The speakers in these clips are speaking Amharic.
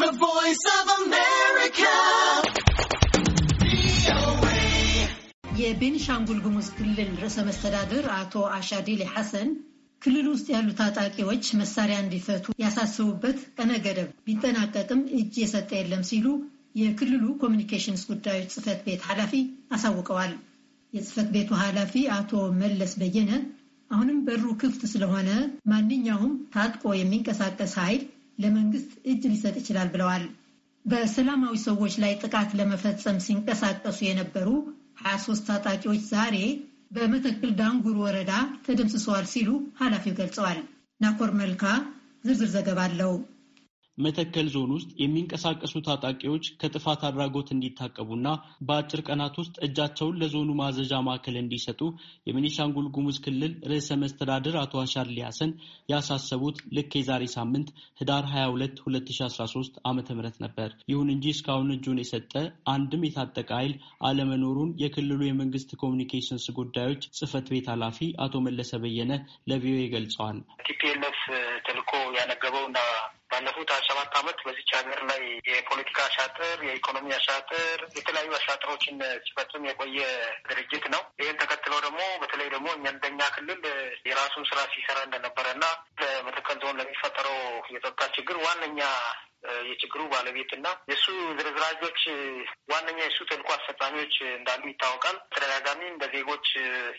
The Voice of America. የቤኒሻንጉል ጉሙዝ ክልል ርዕሰ መስተዳድር አቶ አሻዲሌ ሐሰን ክልል ውስጥ ያሉ ታጣቂዎች መሳሪያ እንዲፈቱ ያሳስቡበት ቀነ ገደብ ቢጠናቀቅም እጅ የሰጠ የለም ሲሉ የክልሉ ኮሚኒኬሽንስ ጉዳዮች ጽህፈት ቤት ኃላፊ አሳውቀዋል። የጽህፈት ቤቱ ኃላፊ አቶ መለስ በየነ አሁንም በሩ ክፍት ስለሆነ ማንኛውም ታጥቆ የሚንቀሳቀስ ኃይል ለመንግስት እጅ ሊሰጥ ይችላል ብለዋል። በሰላማዊ ሰዎች ላይ ጥቃት ለመፈጸም ሲንቀሳቀሱ የነበሩ 23 ታጣቂዎች ዛሬ በመተክል ዳንጉር ወረዳ ተደምስሰዋል ሲሉ ኃላፊው ገልጸዋል። ናኮር መልካ ዝርዝር ዘገባ አለው። መተከል ዞን ውስጥ የሚንቀሳቀሱ ታጣቂዎች ከጥፋት አድራጎት እንዲታቀቡና በአጭር ቀናት ውስጥ እጃቸውን ለዞኑ ማዘዣ ማዕከል እንዲሰጡ የሚኒሻንጉል ጉሙዝ ክልል ርዕሰ መስተዳድር አቶ አሻር ሀሰን ያሳሰቡት ልክ የዛሬ ሳምንት ህዳር 22 2013 ዓ ም ነበር። ይሁን እንጂ እስካሁን እጁን የሰጠ አንድም የታጠቀ ኃይል አለመኖሩን የክልሉ የመንግስት ኮሚኒኬሽንስ ጉዳዮች ጽህፈት ቤት ኃላፊ አቶ መለሰ በየነ ለቪኦኤ ገልጸዋል። ቲፒኤልኤፍ ተልኮ ያነገበውና ባለፉት ሀያ ሰባት አመት በዚች ሀገር ላይ የፖለቲካ አሻጥር፣ የኢኮኖሚ አሻጥር፣ የተለያዩ አሻጥሮችን ሲፈጽም የቆየ ድርጅት ነው። ይህን ተከትሎ ደግሞ በተለይ ደግሞ እንደኛ ክልል የራሱን ስራ ሲሰራ እንደነበረ እና በመተከል ዞን ለሚፈጠረው የጸጥታ ችግር ዋነኛ የችግሩ ባለቤት እና የእሱ ዝርዝራጆች ዋነኛ የእሱ ተልዕኮ አስፈጻሚዎች እንዳሉ ይታወቃል። ተደጋጋሚም በዜጎች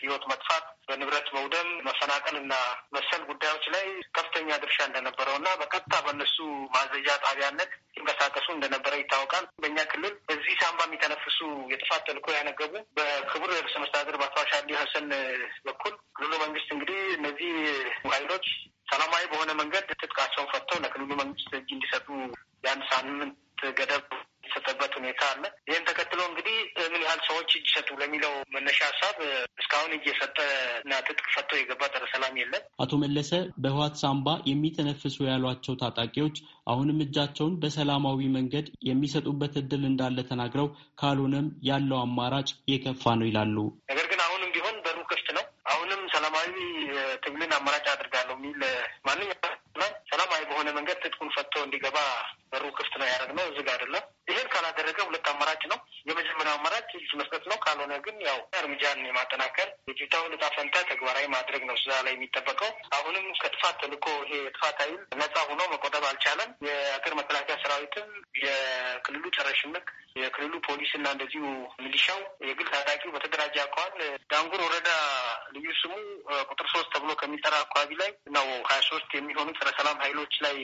ህይወት መጥፋት፣ በንብረት መውደም፣ መፈናቀል እና መሰል ጉዳዮች ላይ ከፍተኛ ድርሻ እንደነበረው እና በቀጥታ በእነሱ ማዘዣ ጣቢያነት ሲንቀሳቀሱ እንደነበረ ይታወቃል። በእኛ ክልል በዚህ ሳምባ የሚተነፍሱ የጥፋት ተልዕኮ ያነገቡ በክቡር ርዕሰ መስተዳድር በአቶ ሀሰን በኩል ክልሉ መንግስት እንግዲህ እነዚህ ኃይሎች ሰላማዊ በሆነ መንገድ ትጥቃቸውን እንዲሰጡ የአንድ ሳምንት ገደብ የተሰጠበት ሁኔታ አለ። ይህም ተከትሎ እንግዲህ ምን ያህል ሰዎች እጅ ሰጡ ለሚለው መነሻ ሀሳብ እስካሁን እየሰጠ እና ትጥቅ ፈቶ የገባ ጸረ ሰላም የለም። አቶ መለሰ በህወሓት ሳምባ የሚተነፍሱ ያሏቸው ታጣቂዎች አሁንም እጃቸውን በሰላማዊ መንገድ የሚሰጡበት እድል እንዳለ ተናግረው ካልሆነም ያለው አማራጭ የከፋ ነው ይላሉ። ነገር ግን አሁንም ቢሆን በሩ ክፍት ነው። አሁንም ሰላማዊ ትግልን አማራጭ አድርጋለሁ የሚል ማንኛውም ሰላማዊ በሆነ መንገድ ትጥቁን ፈቶ እንዲገባ በሩ ክፍት ነው ያደረግነው፣ ዝግ አይደለም። ይህን ካላደረገ ሁለት አማራጭ ነው። የመጀመሪያው አማራጭ እጅ መስጠት ነው። ካልሆነ ግን ያው እርምጃን የማጠናከር የጅታውን እጣ ፈንታ ተግባራዊ ማድረግ ነው እዛ ላይ የሚጠበቀው። አሁንም ከጥፋት ተልእኮ ይሄ የጥፋት ኃይል ነጻ ሆኖ መቆጠብ አልቻለም። የአገር መከላከያ ሰራዊትም የክልሉ ጸረ ሽምቅ የክልሉ ፖሊስና እንደዚሁ ሚሊሻው የግል ታጣቂው በተደራጀ አኳኋን ዳንጉር ወረዳ ልዩ ስሙ ቁጥር ሶስት ተብሎ ከሚጠራ አካባቢ ላይ ነው ሀያ ሶስት የሚሆኑ ጸረ ሰላም ኃይሎች ላይ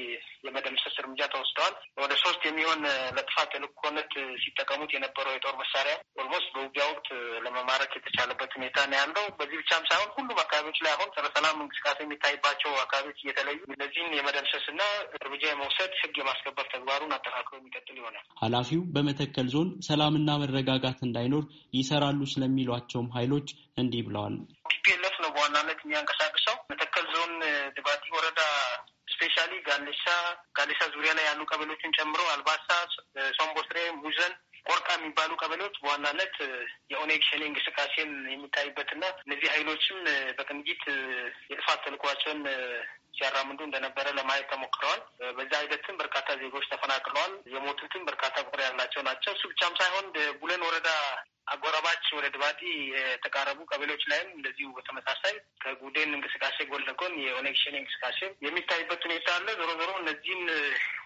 የመደምሰስ እርምጃ ተወስደዋል። ወደ ሶስት የሚሆን ለጥፋት ተልኮነት ሲጠቀሙት የነበረው የጦር መሳሪያ ኦልሞስት በውጊያ ወቅት ለመማረክ የተቻለበት ሁኔታ ነው ያለው። በዚህ ብቻም ሳይሆን ሁሉም አካባቢዎች ላይ አሁን ጸረ ሰላም እንቅስቃሴ የሚታይባቸው አካባቢዎች እየተለዩ እነዚህን የመደምሰስና እርምጃ የመውሰድ ህግ የማስከበር ተግባሩን አጠናክሮ የሚቀጥል ይሆናል። ኃላፊው በመተከል ዞን ሰላምና መረጋጋት እንዳይኖር ይሰራሉ ስለሚሏቸውም ኃይሎች እንዲህ ብለዋል። ፒፒኤልኤፍ ነው በዋናነት የሚያንቀሳቅሰው መተከል ዞን ድባቲ ስፔሻሊ ጋልሻ ጋልሻ ዙሪያ ላይ ያሉ ቀበሌዎችን ጨምሮ አልባሳ፣ ሶምቦስሬ፣ ሙዘን ቆርቃ የሚባሉ ቀበሌዎች በዋናነት የኦነግ ሸኔ እንቅስቃሴን የሚታይበትና እነዚህ ኃይሎችም በቅንጅት የጥፋት ተልኳቸውን ሲያራምዱ እንደነበረ ለማየት ተሞክረዋል። በዛ ሂደትም በርካታ ዜጎች ተፈናቅለዋል። የሞቱትም በርካታ ቁጥር ያላቸው ናቸው። እሱ ብቻም ሳይሆን ቡለን ወረዳ አጎራባች ወደ ድባጢ የተቃረቡ ቀበሌዎች ላይም እንደዚሁ በተመሳሳይ ከጉዴን እንቅስቃሴ ጎን ለጎን የኦነግ ሸኔ እንቅስቃሴ የሚታይበት ሁኔታ አለ። ዞሮ ዞሮ እነዚህን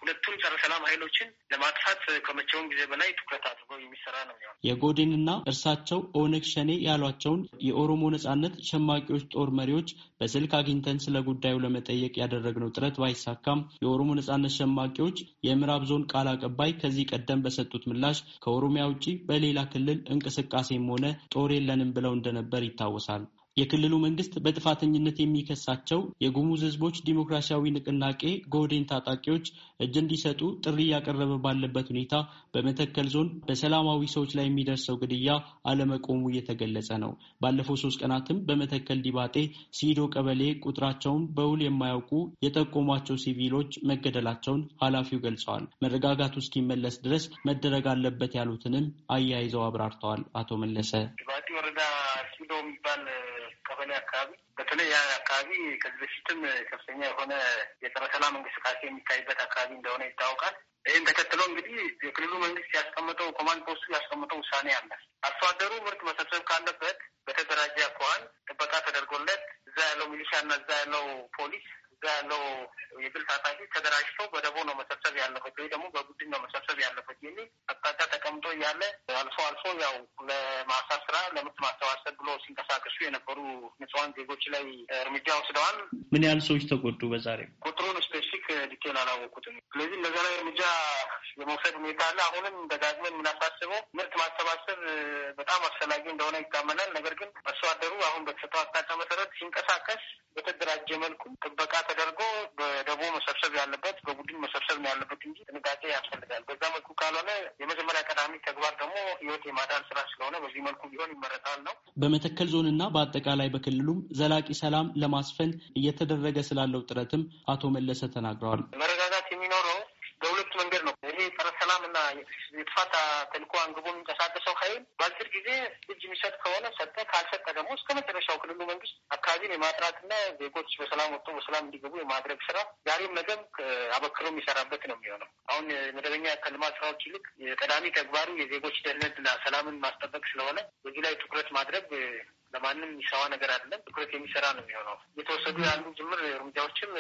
ሁለቱም ጸረ ሰላም ኃይሎችን ለማጥፋት ከመቼውም ጊዜ በላይ ትኩረት አድርጎ የሚሰራ ነው የሚሆነው። የጎዴንና እርሳቸው ኦነግ ሸኔ ያሏቸውን የኦሮሞ ነጻነት ሸማቂዎች ጦር መሪዎች በስልክ አግኝተን ስለ ጉዳዩ ለመጠየቅ ያደረግነው ጥረት ባይሳካም የኦሮሞ ነጻነት ሸማቂዎች የምዕራብ ዞን ቃል አቀባይ ከዚህ ቀደም በሰጡት ምላሽ ከኦሮሚያ ውጭ በሌላ ክልል እንቅስቃሴም ሆነ ጦር የለንም ብለው እንደነበር ይታወሳል። የክልሉ መንግስት በጥፋተኝነት የሚከሳቸው የጉሙዝ ህዝቦች ዲሞክራሲያዊ ንቅናቄ ጎህዴን ታጣቂዎች እጅ እንዲሰጡ ጥሪ እያቀረበ ባለበት ሁኔታ በመተከል ዞን በሰላማዊ ሰዎች ላይ የሚደርሰው ግድያ አለመቆሙ እየተገለጸ ነው። ባለፈው ሶስት ቀናትም በመተከል ዲባጤ ሲዶ ቀበሌ ቁጥራቸውን በውል የማያውቁ የጠቆሟቸው ሲቪሎች መገደላቸውን ኃላፊው ገልጸዋል። መረጋጋቱ እስኪመለስ ድረስ መደረግ አለበት ያሉትንም አያይዘው አብራርተዋል። አቶ መለሰ ጉዶ የሚባል ቀበሌ አካባቢ በተለይ ያ አካባቢ ከዚህ በፊትም ከፍተኛ የሆነ የጸረ ሰላም እንቅስቃሴ የሚታይበት አካባቢ እንደሆነ ይታወቃል። ይህን ተከትሎ እንግዲህ የክልሉ መንግስት ያስቀመጠው ኮማንድ ፖስቱ ያስቀመጠው ውሳኔ አለ። አርሶ አደሩ ምርት መሰብሰብ ካለበት በተደራጀ አኳኋን ጥበቃ ተደርጎለት እዛ ያለው ሚሊሻ እና እዛ ያለው ፖሊስ ያለው የግል ታጣቂ ተደራጅቶ በደቦ ነው መሰብሰብ ያለበት ወይ ደግሞ በቡድን ነው መሰብሰብ ያለበት የሚል አቅጣጫ ተቀምጦ እያለ አልፎ አልፎ ያው ለማሳ ስራ ለምርት ማሰባሰብ ብሎ ሲንቀሳቀሱ የነበሩ ንጹሃን ዜጎች ላይ እርምጃ ወስደዋል። ምን ያህል ሰዎች ተጎዱ? በዛሬ ቁጥሩን ስፔሲፊክ ዲቴል አላወቁትም። ስለዚህ እነዚ ላይ እርምጃ የመውሰድ ሁኔታ አለ። አሁንም ደጋግመን የምናሳስበው ምርት ማሰባሰብ በጣም አስፈላጊ እንደሆነ ይታመናል። ነገር ግን አርሶ አደሩ አሁን በተሰጠው አቅጣጫ መሰረት ሲንቀሳቀስ በተደራጀ መልኩ ጥበቃ ተደርጎ በደቦ መሰብሰብ ያለበት በቡድን መሰብሰብ ነው ያለበት እንጂ ጥንቃቄ ያስፈልጋል። በዛ መልኩ ካልሆነ የመጀመሪያ ቀዳሚ ተግባር ደግሞ ህይወት የማዳን ስራ ስለሆነ በዚህ መልኩ ቢሆን ይመረጣል ነው። በመተከል ዞንና በአጠቃላይ በክልሉም ዘላቂ ሰላም ለማስፈን እየተደረገ ስላለው ጥረትም አቶ መለሰ ተናግረዋል። መረጋጋት የሚኖረው ሰላምና የተፋታ ተልእኮ አንግቦ የሚንቀሳቀሰው ኃይል በአጭር ጊዜ እጅ የሚሰጥ ከሆነ ሰጠ፣ ካልሰጠ ደግሞ እስከ መጨረሻው ክልሉ መንግስት አካባቢን የማጥራትና ዜጎች በሰላም ወጥቶ በሰላም እንዲገቡ የማድረግ ስራ ዛሬም ነገም አበክሮ የሚሰራበት ነው የሚሆነው። አሁን መደበኛ ከልማት ስራዎች ይልቅ የቀዳሚ ተግባሩ የዜጎች ደህንነትና ሰላምን ማስጠበቅ ስለሆነ በዚህ ላይ ትኩረት ማድረግ ለማንም የሚሰዋ ነገር አይደለም። ትኩረት የሚሰራ ነው የሚሆነው። እየተወሰዱ ያሉ ጅምር እርምጃዎችም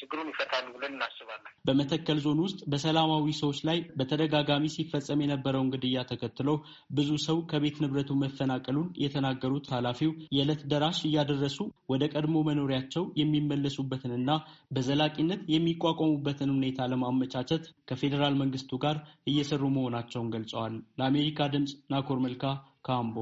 ችግሩን ይፈታሉ ብለን እናስባለን። በመተከል ዞን ውስጥ በሰላማዊ ሰዎች ላይ በተደጋጋሚ ሲፈጸም የነበረውን ግድያ ተከትሎ ብዙ ሰው ከቤት ንብረቱ መፈናቀሉን የተናገሩት ኃላፊው የዕለት ደራሽ እያደረሱ ወደ ቀድሞ መኖሪያቸው የሚመለሱበትንና በዘላቂነት የሚቋቋሙበትን ሁኔታ ለማመቻቸት ከፌዴራል መንግስቱ ጋር እየሰሩ መሆናቸውን ገልጸዋል። ለአሜሪካ ድምፅ ናኮር መልካ ካምቦ